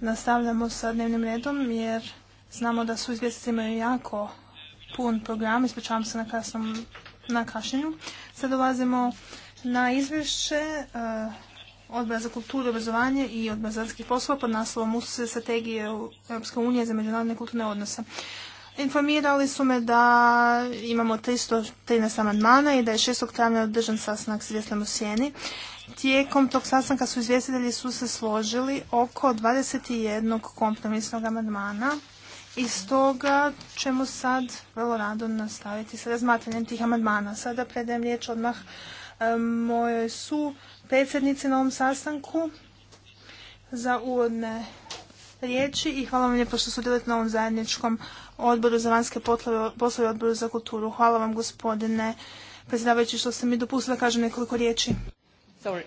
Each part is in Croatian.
Nastavljamo sa dnevnim redom jer znamo da su izvjestitelji imaju jako pun program, ispričavam se na kasnom na kašnjenju. Sad dolazimo na izvješće e, Odbora za kulturu, obrazovanje i odbora za poslova pod naslovom uz strategije Europske unije za međunarodne kulturne odnose. Informirali su me da imamo 313 amandmana i da je 6. travnja održan sastanak s u Sjeni. Tijekom tog sastanka su izvjestitelji su se složili oko 21 kompromisnog amandmana i stoga ćemo sad vrlo rado nastaviti sa razmatranjem tih amandmana. Sada predajem riječ odmah e, mojoj su predsjednici na ovom sastanku za uvodne riječi i hvala vam lijepo što na ovom zajedničkom odboru za vanjske poslove odboru za kulturu. Hvala vam gospodine predsjedavajući što ste mi dopustili da kažem nekoliko riječi. Sorry.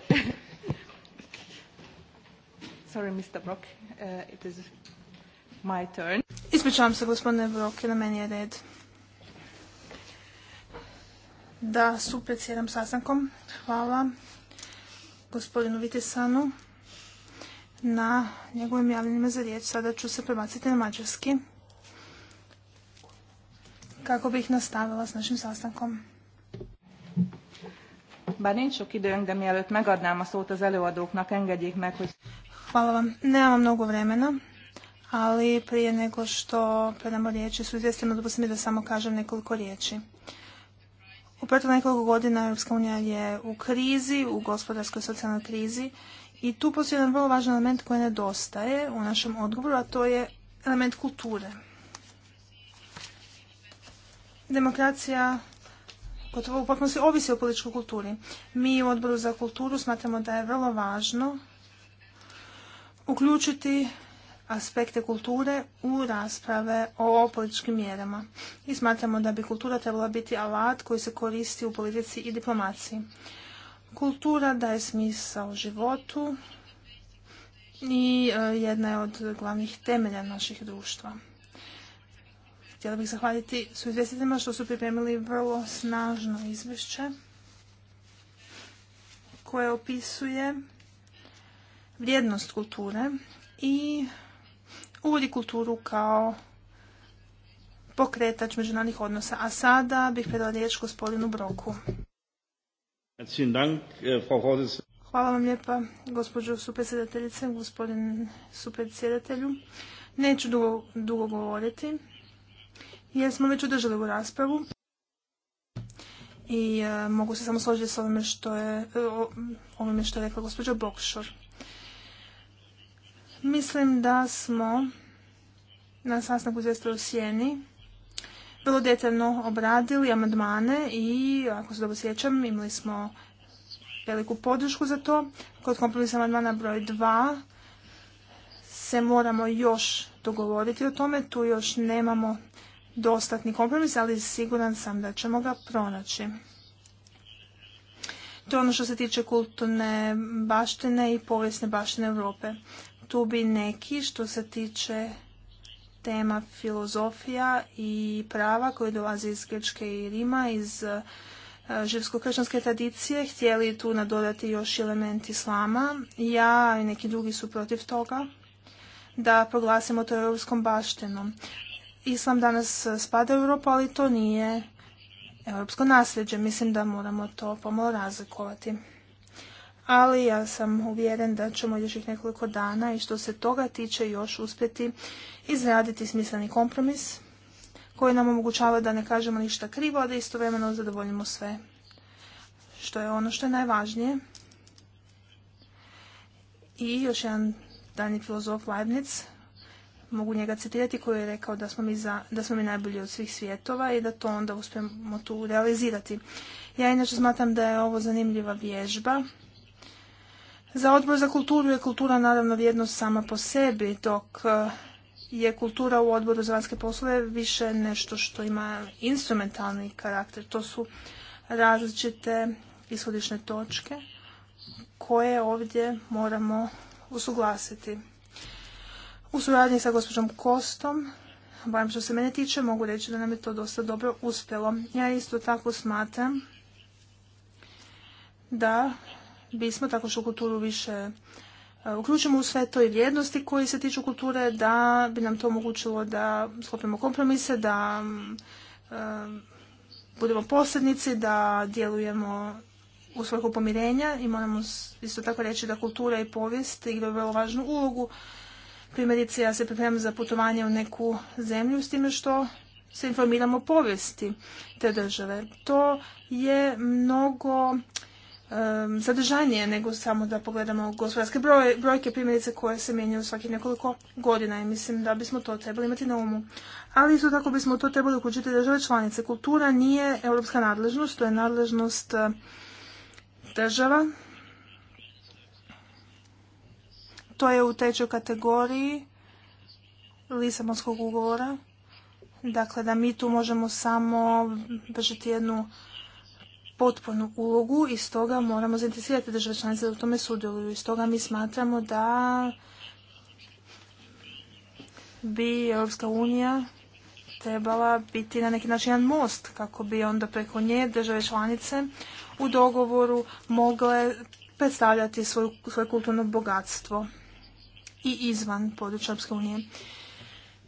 Sorry, Mr. Brock. Uh, it is my turn. Ispričavam se, gospodine Brock, na meni je red. Da, su sastankom. Hvala gospodinu Vitesanu na njegovim javljenima za riječ. Sada ću se prebaciti na mađarski kako bih nastavila s našim sastankom. Bár nincs sok időnk, de mielőtt megadnám a szót az előadóknak, meg, hogy... Hvala vam. Nemam mnogo vremena, ali prije nego što predamo riječi su izvjestima, dopustim mi da samo kažem nekoliko riječi. U protiv nekoliko godina Europska unija je u krizi, u gospodarskoj socijalnoj krizi i tu postoji jedan vrlo važan element koji nedostaje u našem odgovoru, a to je element kulture. Demokracija gotovo u potpunosti ovisi o političkoj kulturi. Mi u odboru za kulturu smatramo da je vrlo važno uključiti aspekte kulture u rasprave o političkim mjerama. I smatramo da bi kultura trebala biti alat koji se koristi u politici i diplomaciji. Kultura daje smisao životu i e, jedna je od glavnih temelja naših društva. Htjela bih zahvaliti su izvjestiteljima što su pripremili vrlo snažno izvješće koje opisuje vrijednost kulture i uvodi kulturu kao pokretač međunarodnih odnosa. A sada bih predala riječ gospodinu Broku. Eh, Hvala vam lijepa, gospođo supredsjedateljice, gospodin supredsjedatelju. Neću dugo govoriti jer smo već održali ovu raspravu i e, mogu se samo složiti s e, ovime što je, rekla gospođa Bokšor. Mislim da smo na sastanku zvijestva u Sijeni vrlo detaljno obradili amadmane i, ako se dobro sjećam, imali smo veliku podršku za to. Kod kompromisa amandmana broj 2 se moramo još dogovoriti o tome. Tu još nemamo dostatni kompromis, ali siguran sam da ćemo ga pronaći. To je ono što se tiče kulturne baštine i povijesne baštine Europe. Tu bi neki što se tiče tema filozofija i prava koje dolaze iz Grčke i Rima, iz e, živsko-kršćanske tradicije, htjeli tu nadodati još element islama. Ja i neki drugi su protiv toga da proglasimo to europskom baštenom. Islam danas spada u Europu, ali to nije europsko nasljeđe. Mislim da moramo to pomalo razlikovati. Ali ja sam uvjeren da ćemo još ih nekoliko dana i što se toga tiče još uspjeti izraditi smisleni kompromis koji nam omogućava da ne kažemo ništa krivo, a da istovremeno zadovoljimo sve. Što je ono što je najvažnije. I još jedan dani filozof Leibniz mogu njega citirati koji je rekao da smo, mi za, da smo mi najbolji od svih svijetova i da to onda uspijemo tu realizirati. Ja inače smatram da je ovo zanimljiva vježba. Za odbor za kulturu je kultura naravno vrijednost sama po sebi, dok eh, je kultura u odboru za vanjske poslove više nešto što ima instrumentalni karakter. To su različite ishodišne točke koje ovdje moramo usuglasiti. U suradnji sa gospođom Kostom, barem što se mene tiče, mogu reći da nam je to dosta dobro uspjelo. Ja isto tako smatram da bismo tako što kulturu više e, uključimo u sve to i vrijednosti koji se tiču kulture, da bi nam to omogućilo da sklopimo kompromise, da mm, e, budemo posrednici, da djelujemo u svrhu pomirenja i moramo isto tako reći da kultura i povijest igraju vrlo važnu ulogu Primjerice, ja se pripremam za putovanje u neku zemlju s time što se informiramo o povijesti te države. To je mnogo um, sadržajnije nego samo da pogledamo gospodarske brojke, primjerice koje se mijenjaju svakih nekoliko godina i mislim da bismo to trebali imati na umu. Ali isto tako bismo to trebali uključiti države članice. Kultura nije europska nadležnost, to je nadležnost eh, država To je u trećoj kategoriji Lisabonskog ugovora. Dakle, da mi tu možemo samo držati jednu potpornu ulogu i stoga moramo zainteresirati države članice da u tome sudjeluju. I stoga mi smatramo da bi Europska unija trebala biti na neki način jedan most kako bi onda preko nje države članice u dogovoru mogle predstavljati svoje kulturno bogatstvo i izvan područja Europske unije.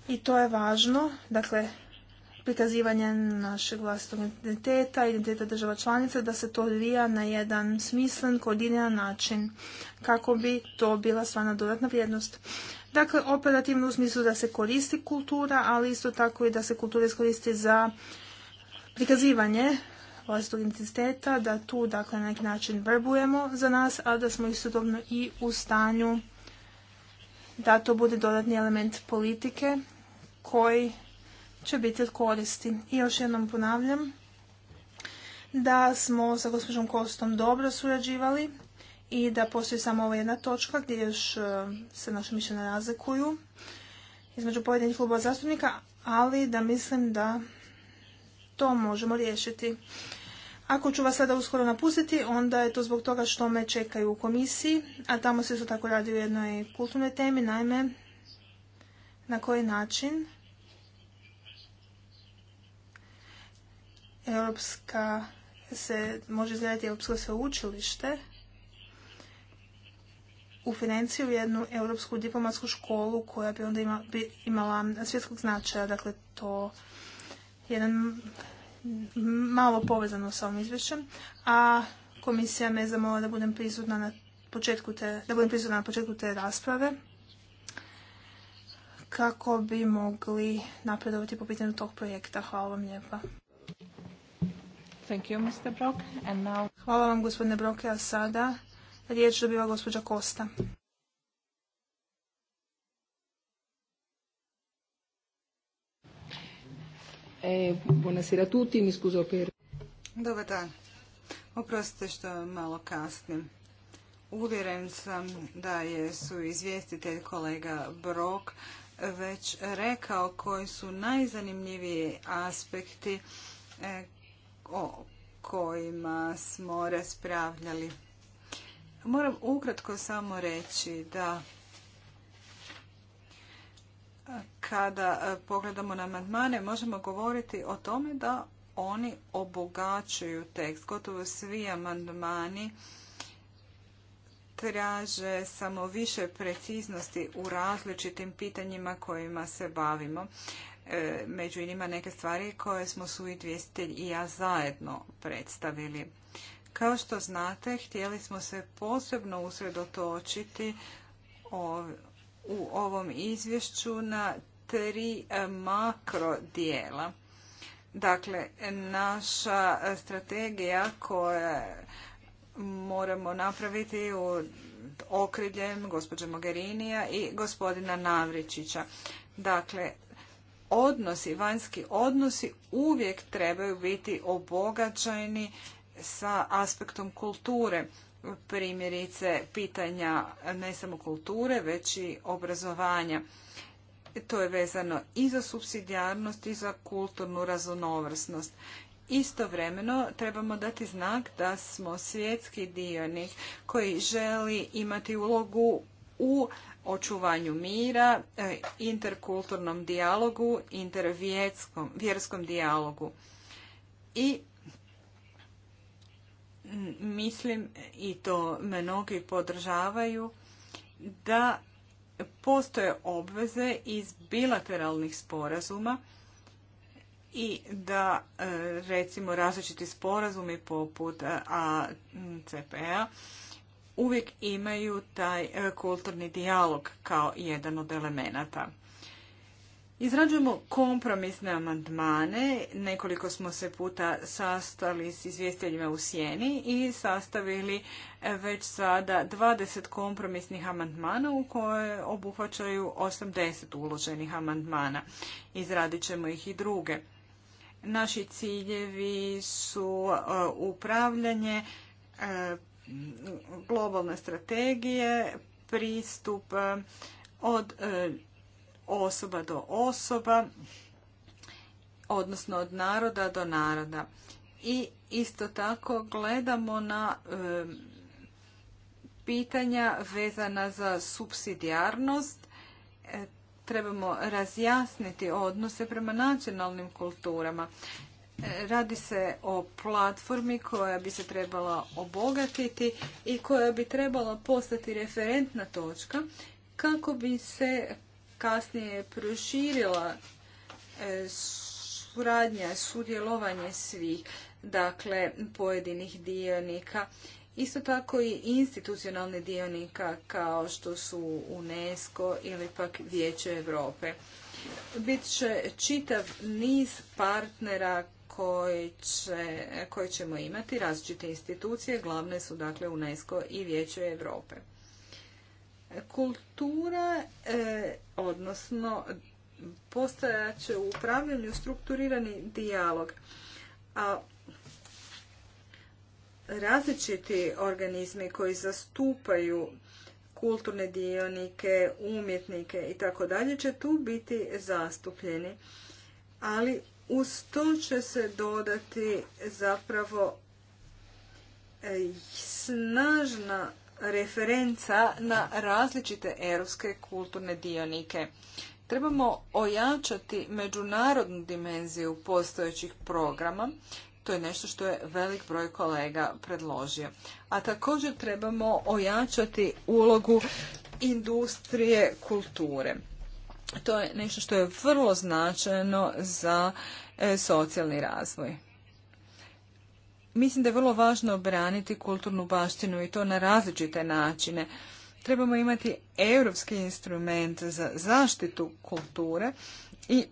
I to je važno, dakle, prikazivanje našeg vlastitog identiteta, identiteta država članica, da se to odvija na jedan smislen, koordiniran način, kako bi to bila stvarna dodatna vrijednost. Dakle, operativno u smislu da se koristi kultura, ali isto tako i da se kultura iskoristi za prikazivanje vlastitog identiteta, da tu, dakle, na neki način vrbujemo za nas, a da smo istodobno i u stanju da to bude dodatni element politike koji će biti od koristi. I još jednom ponavljam da smo sa gospođom Kostom dobro surađivali i da postoji samo ova jedna točka gdje još e, se naše mišljenje razlikuju između pojedinih klubova zastupnika, ali da mislim da to možemo riješiti. Ako ću vas sada uskoro napustiti, onda je to zbog toga što me čekaju u komisiji, a tamo se isto tako radi u jednoj kulturnoj temi, naime na koji način Europska se može izgledati Europsko sveučilište u financiju jednu europsku diplomatsku školu koja bi onda imala svjetskog značaja, dakle to jedan malo povezano sa ovim izvješćem, a komisija me zamola da budem prisutna na početku te, da budem prisutna na početku te rasprave kako bi mogli napredovati po pitanju tog projekta. Hvala vam lijepa. Thank you, Mr. Brock. And now... Hvala vam, gospodine Broke, a sada riječ dobiva gospođa Kosta. E, Dobar dan. Oprostite što malo kasnim. Uvjeren sam da je su izvjestitelj kolega Brok već rekao koji su najzanimljiviji aspekti e, o kojima smo raspravljali. Moram ukratko samo reći da kada e, pogledamo na amandmane, možemo govoriti o tome da oni obogaćuju tekst. Gotovo svi amandmani traže samo više preciznosti u različitim pitanjima kojima se bavimo. E, među njima neke stvari koje smo su izvjestitelj i ja zajedno predstavili. Kao što znate, htjeli smo se posebno usredotočiti u ovom izvješću na tri e, makro dijela. Dakle, naša strategija koja moramo napraviti u okriljem gospođe Mogherinija i gospodina Navričića. Dakle, odnosi, vanjski odnosi uvijek trebaju biti obogaćeni sa aspektom kulture primjerice pitanja ne samo kulture, već i obrazovanja. To je vezano i za subsidijarnost i za kulturnu raznovrsnost. Istovremeno trebamo dati znak da smo svjetski dionik koji želi imati ulogu u očuvanju mira, e, interkulturnom dijalogu, intervjerskom dijalogu. I mislim i to mnogi podržavaju da postoje obveze iz bilateralnih sporazuma i da e, recimo različiti sporazumi poput ACPA e, uvijek imaju taj e, kulturni dijalog kao jedan od elemenata. Izrađujemo kompromisne amandmane, nekoliko smo se puta sastali s izvjestiteljima u sjeni i sastavili e, već sada 20 kompromisnih amandmana u koje obuhvaćaju 80 uloženih amandmana. Izradit ćemo ih i druge. Naši ciljevi su e, upravljanje e, globalne strategije, pristup od osoba do osoba, odnosno od naroda do naroda. I isto tako gledamo na pitanja vezana za subsidijarnost. E, trebamo razjasniti odnose prema nacionalnim kulturama. E, radi se o platformi koja bi se trebala obogatiti i koja bi trebala postati referentna točka kako bi se kasnije proširila e, suradnja, sudjelovanje svih, dakle, pojedinih dionika. Isto tako i institucionalni dionika kao što su UNESCO ili pak Vijeće Europe. Bit će čitav niz partnera koji, će, koji ćemo imati, različite institucije, glavne su dakle UNESCO i Vijeće Europe. Kultura, e, odnosno postojat će u upravljanju strukturirani dijalog. A različiti organizmi koji zastupaju kulturne dionike, umjetnike i tako dalje će tu biti zastupljeni. Ali uz to će se dodati zapravo e, snažna referenca na različite europske kulturne dionike. Trebamo ojačati međunarodnu dimenziju postojećih programa, to je nešto što je velik broj kolega predložio. A također trebamo ojačati ulogu industrije kulture. To je nešto što je vrlo značajno za e, socijalni razvoj. Mislim da je vrlo važno obraniti kulturnu baštinu i to na različite načine. Trebamo imati europski instrument za zaštitu kulture i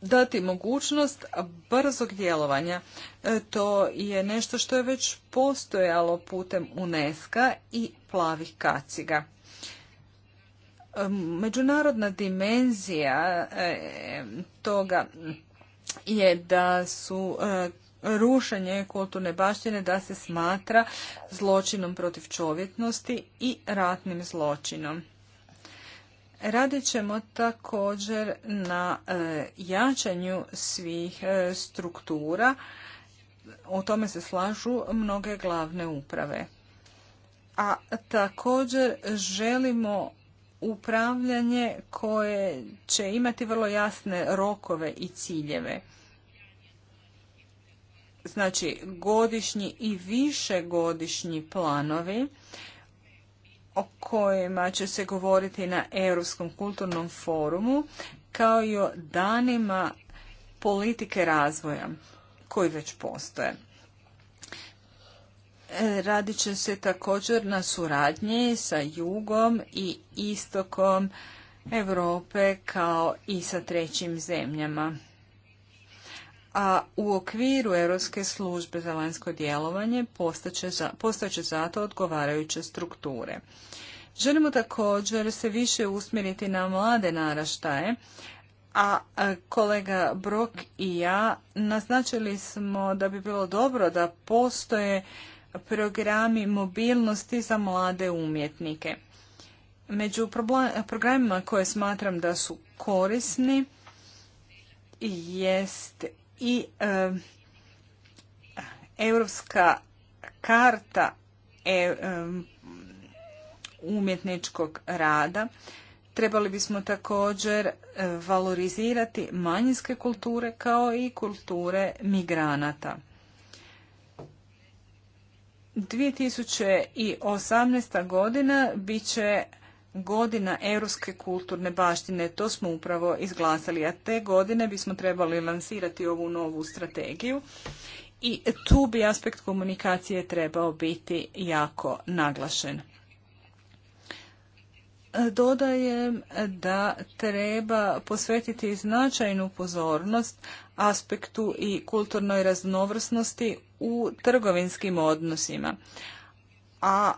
dati mogućnost brzog djelovanja. E, to je nešto što je već postojalo putem UNESCO i plavih kaciga. E, međunarodna dimenzija e, toga je da su rušenje kulturne baštine da se smatra zločinom protiv čovjetnosti i ratnim zločinom. Radit ćemo također na e, jačanju svih e, struktura. O tome se slažu mnoge glavne uprave. A također želimo upravljanje koje će imati vrlo jasne rokove i ciljeve znači godišnji i višegodišnji planovi o kojima će se govoriti na Europskom kulturnom forumu kao i o danima politike razvoja koji već postoje. E, radit će se također na suradnji sa jugom i istokom Europe kao i sa trećim zemljama a u okviru Europske službe za vanjsko djelovanje postojeće zato odgovarajuće strukture. Želimo također se više usmjeriti na mlade naraštaje, a kolega Brok i ja naznačili smo da bi bilo dobro da postoje programi mobilnosti za mlade umjetnike. Među programima koje smatram da su korisni jest i e, europska karta e, e, umjetničkog rada trebali bismo također valorizirati manjinske kulture kao i kulture migranata 2018. godina bit će godina europske kulturne baštine. To smo upravo izglasali, a te godine bismo trebali lansirati ovu novu strategiju i tu bi aspekt komunikacije trebao biti jako naglašen. Dodajem da treba posvetiti značajnu pozornost aspektu i kulturnoj raznovrsnosti u trgovinskim odnosima. A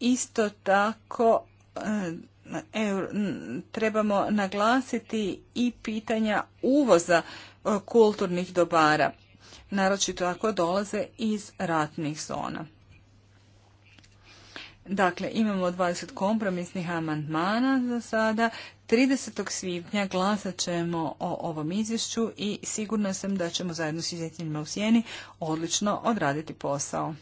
isto tako E, trebamo naglasiti i pitanja uvoza e, kulturnih dobara, naročito ako dolaze iz ratnih zona. Dakle, imamo 20 kompromisnih amandmana za sada. 30. svibnja glasat ćemo o ovom izvješću i sigurna sam da ćemo zajedno s izvjetnjima u Sjeni odlično odraditi posao.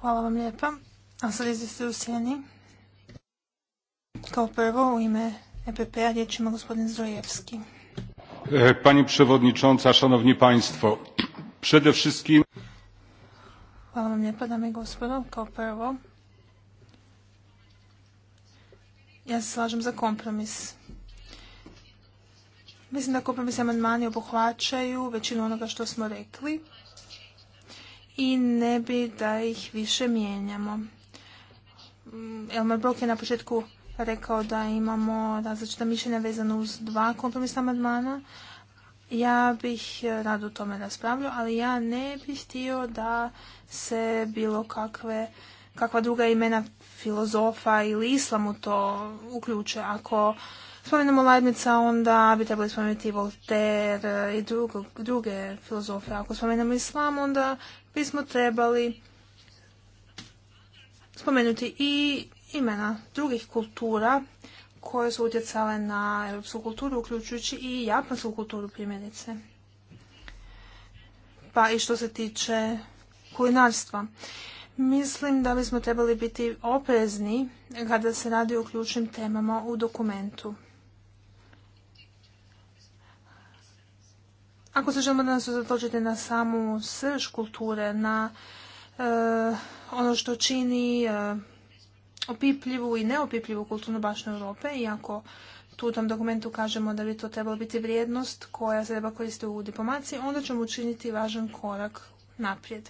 Hvala vam lijepa. A sad izvjestitelj u sjeni. Kao prvo u ime EPP-a riječ gospodin Zdrojevski. E, pani przewodnicząca, szanowni państwo, przede wszystkim... Hvala vam lijepa, dame i gospodo. Kao prvo, ja se slažem za kompromis. Mislim da kompromis amandmani obuhvaćaju većinu onoga što smo rekli i ne bi da ih više mijenjamo. Mm, Elmer Brock je na početku rekao da imamo različita mišljenja vezano uz dva kompromisna amandmana. Ja bih eh, rado o tome raspravljao, ali ja ne bih htio da se bilo kakve, kakva druga imena filozofa ili islamu to uključe. Ako spomenemo Leibnica, onda bi trebali spomenuti Voltaire i drugo, druge filozofe. Ako spomenemo islam, onda bismo trebali spomenuti i imena drugih kultura koje su utjecale na europsku kulturu, uključujući i japansku kulturu primjerice. Pa i što se tiče kulinarstva. Mislim da bismo trebali biti oprezni kada se radi o ključnim temama u dokumentu. Ako se želimo danas uzatočite na samu srž kulture, na E, ono što čini e, opipljivu i neopipljivu kulturnu bašnu Europe, iako tu u tom dokumentu kažemo da bi to trebalo biti vrijednost koja se treba koristiti u diplomaciji, onda ćemo učiniti važan korak naprijed.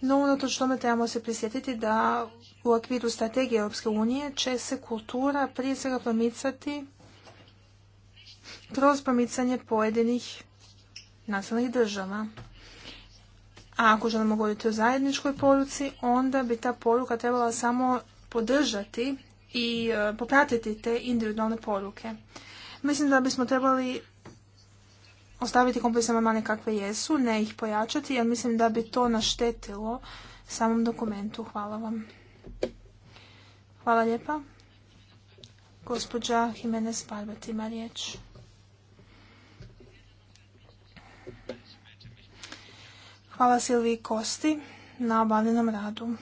No, što tome trebamo se prisjetiti da u okviru strategije Europske unije će se kultura prije svega promicati kroz promicanje pojedinih nacionalnih država. A ako želimo govoriti o zajedničkoj poruci, onda bi ta poruka trebala samo podržati i e, popratiti te individualne poruke. Mislim da bismo trebali ostaviti kompleksne mane kakve jesu, ne ih pojačati, jer mislim da bi to naštetilo samom dokumentu. Hvala vam. Hvala lijepa. Gospođa Jimenez Parbat ima riječ. Hvala Silviji Kosti na obavljenom radu.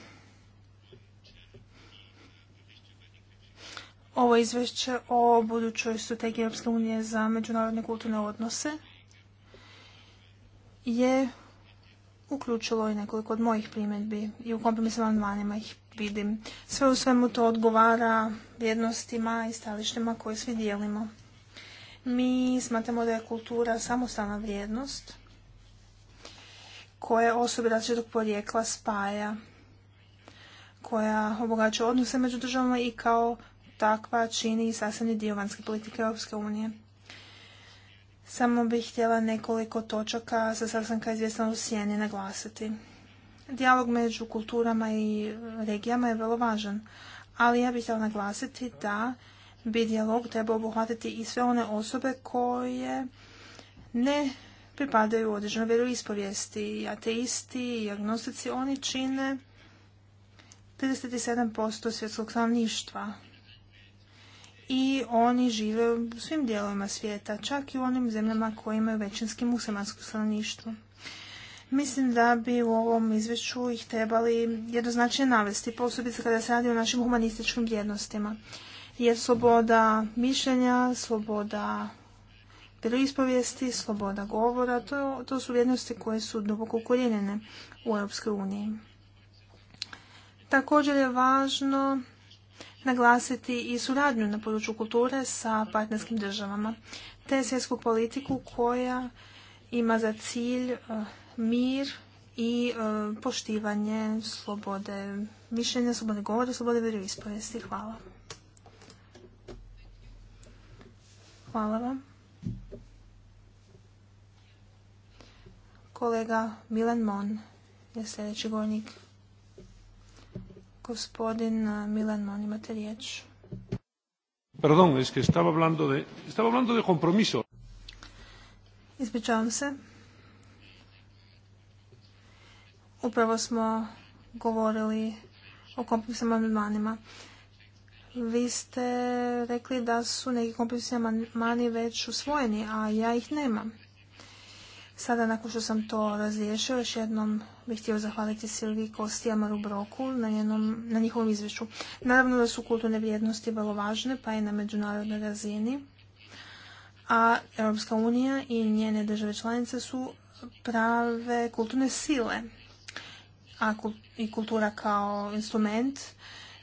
Ovo izvješće o budućoj strategiji Europske unije za međunarodne kulturne odnose je uključilo i nekoliko od mojih primjedbi i u kompromisnim amandmanima ih vidim. Sve u svemu to odgovara vrijednostima i stalištima koje svi dijelimo. Mi smatramo da je kultura samostalna vrijednost koje osobe različitog porijekla spaja, koja obogaća odnose među državama i kao takva čini i sastavni dio vanjske politike Europske unije. Samo bih htjela nekoliko točaka sa sastanka izvjestan u Sjeni naglasiti. Dijalog među kulturama i regijama je vrlo važan, ali ja bih htjela naglasiti da bi dijalog trebao obuhvatiti i sve one osobe koje ne pripadaju određenoj vjeroispovijesti i ateisti i agnostici, oni čine 37% svjetskog stanovništva. I oni žive u svim dijelovima svijeta, čak i u onim zemljama koje imaju većinski muslimansko stanovništvo. Mislim da bi u ovom izvješću ih trebali jednoznačnije navesti, posebice kada se radi o našim humanističkim vrijednostima. Jer sloboda mišljenja, sloboda vjeroispovijesti, sloboda govora, to, su vrijednosti koje su duboko ukorijenjene u Europskoj uniji. Također je važno naglasiti i suradnju na području kulture sa partnerskim državama, te svjetsku politiku koja ima za cilj eh, mir i eh, poštivanje slobode mišljenja, slobode govora, slobode vjeroispovijesti. Hvala. Hvala vam. Kolega Milan Mon je sljedeći govornik. Gospodin eh, Milan Mon, imate riječ. Pardon, es hablando de, estaba hablando de compromiso. Ispričavam se. Upravo smo govorili o kompromisnim amandmanima. Vi ste rekli da su neki kompromisni amandmani već usvojeni, a ja ih nemam. Sada, nakon što sam to razriješio, još jednom bih htio zahvaliti Silvi Kosti Broku na, njihovom izvješću. Naravno da su kulturne vrijednosti vrlo važne, pa i na međunarodnoj razini. A Europska unija i njene države članice su prave kulturne sile. A i kultura kao instrument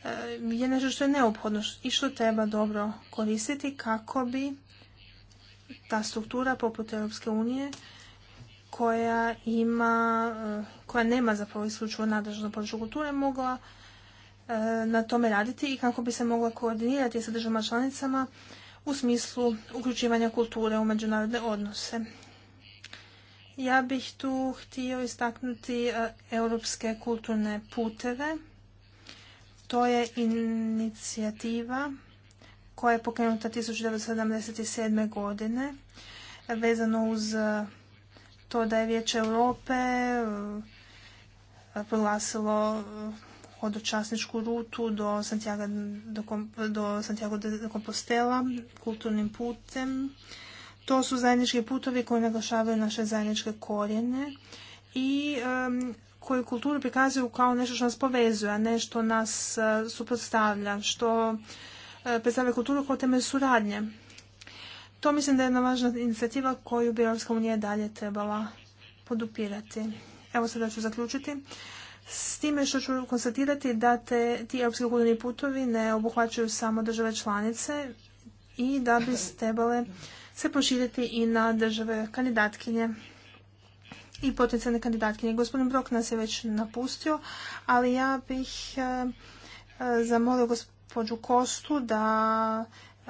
eh, je nešto što je neophodno i što treba dobro koristiti kako bi ta struktura poput Europske unije koja ima, eh, koja nema zapravo isključivo nadležno područje kulture mogla eh, na tome raditi i kako bi se mogla koordinirati sa državama članicama u smislu uključivanja kulture u međunarodne odnose. Ja bih tu htio istaknuti eh, europske kulturne puteve. To je inicijativa koja je pokrenuta 1977. godine vezano uz to da je Vijeće Europe e, proglasilo e, hodočasničku rutu do Santiago, do, Santiago de Compostela kulturnim putem. To su zajednički putovi koji naglašavaju naše zajedničke korijene i e, koji kulturu prikazuju kao nešto što nas povezuje, a ne nas suprotstavlja, što predstavlja kulturu kao temelj suradnje. To mislim da je jedna važna inicijativa koju bi Europska unija dalje trebala podupirati. Evo sada ću zaključiti. S time što ću konstatirati da te, ti europski kulturni putovi ne obuhvaćaju samo države članice i da bi trebale se proširiti i na države kandidatkinje i potencijalne kandidatkinje. Gospodin Brok nas je već napustio, ali ja bih eh, eh, zamolio gospođu Kostu da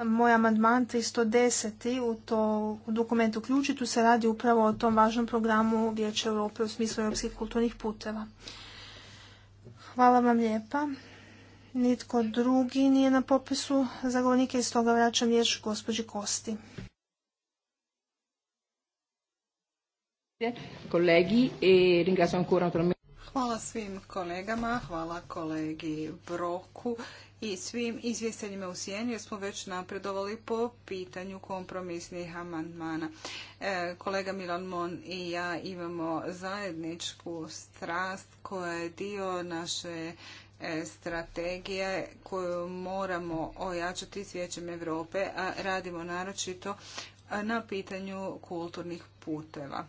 moj amandman 310. u to dokumentu dokument se radi upravo o tom važnom programu Vijeća Europe u smislu europskih kulturnih puteva. Hvala vam lijepa. Nitko drugi nije na popisu zagovornike i stoga vraćam riječ gospođi Kosti. Kolegi, e, ancora Hvala svim kolegama, hvala kolegi Broku i svim izvjestanjima u sjeni jer smo već napredovali po pitanju kompromisnih amandmana. E, kolega Milan Mon i ja imamo zajedničku strast koja je dio naše e, strategije koju moramo ojačati s Vijećem Europe, a radimo naročito e, na pitanju kulturnih puteva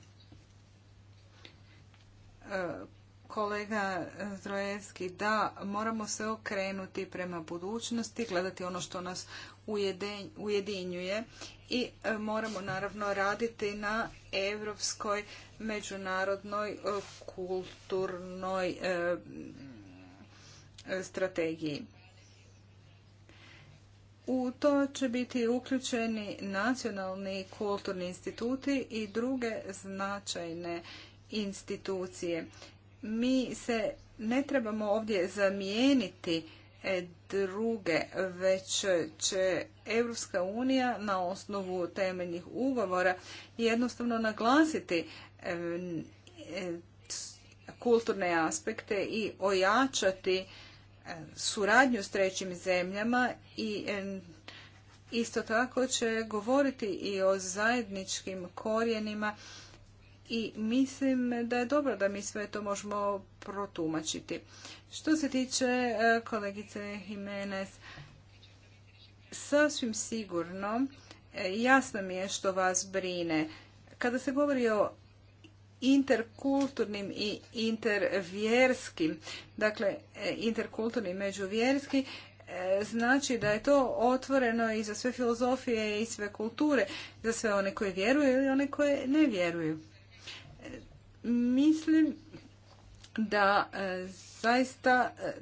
kolega Zdrojevski, da moramo se okrenuti prema budućnosti, gledati ono što nas ujedinjuje i e, moramo naravno raditi na europskoj međunarodnoj e, kulturnoj e, strategiji. U to će biti uključeni nacionalni kulturni instituti i druge značajne institucije mi se ne trebamo ovdje zamijeniti e, druge, već će Europska unija na osnovu temeljnih ugovora jednostavno naglasiti e, e, kulturne aspekte i ojačati suradnju s trećim zemljama i isto tako će govoriti i o zajedničkim korijenima i mislim da je dobro da mi sve to možemo protumačiti. Što se tiče e, kolegice Jimenez, sasvim sigurno e, jasno mi je što vas brine. Kada se govori o interkulturnim i intervjerskim, dakle e, interkulturni i međuvjerski, znači da je to otvoreno i za sve filozofije i sve kulture, za sve one koje vjeruju ili one koje ne vjeruju mislim da e, zaista e,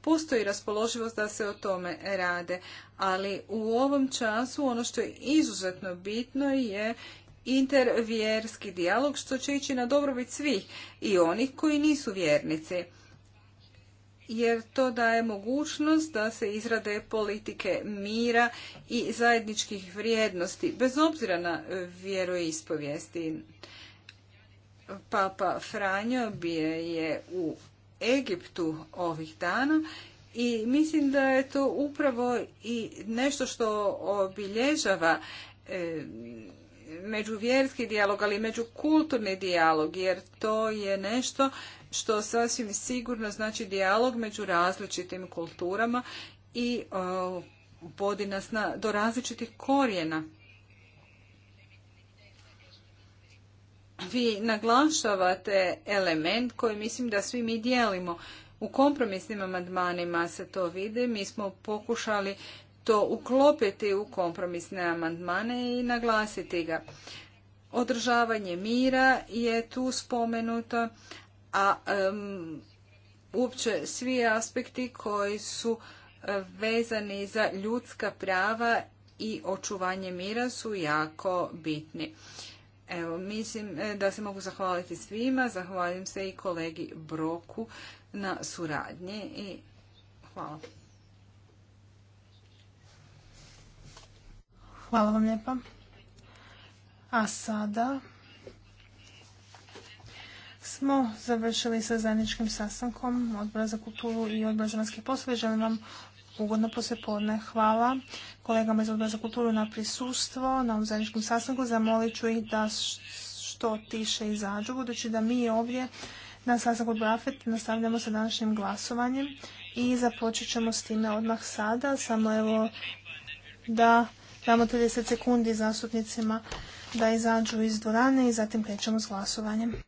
postoji raspoloživost da se o tome rade, ali u ovom času ono što je izuzetno bitno je intervjerski dijalog što će ići na dobrobit svih i onih koji nisu vjernici. Jer to daje mogućnost da se izrade politike mira i zajedničkih vrijednosti, bez obzira na ispovijesti. Papa Franjo bio je u Egiptu ovih dana i mislim da je to upravo i nešto što obilježava e, međuvjerski dijalog, ali i međukulturni dijalog, jer to je nešto što sasvim sigurno znači dijalog među različitim kulturama i vodi nas do različitih korijena. vi naglašavate element koji mislim da svi mi dijelimo. U kompromisnim amandmanima se to vide. Mi smo pokušali to uklopiti u kompromisne amandmane i naglasiti ga. Održavanje mira je tu spomenuto, a uopće svi aspekti koji su e, vezani za ljudska prava i očuvanje mira su jako bitni. Evo, mislim e, da se mogu zahvaliti svima, zahvaljujem se i kolegi Broku na suradnji i hvala. Hvala vam lijepa. A sada smo završili sa zajedničkim sastankom Odbora za kulturu i Odbora za vanjske poslove. Želim vam ugodno poslijepodne. Hvala kolegama iz Odbora za kulturu na prisustvo na ovom zajedničkom sastanku. Zamolit ću ih da što tiše izađu, budući da mi ovdje na sastanku brafet nastavljamo sa današnjim glasovanjem i započet ćemo s time odmah sada. Samo evo da damo 30 sekundi zastupnicima da izađu iz dvorane i zatim krećemo s glasovanjem.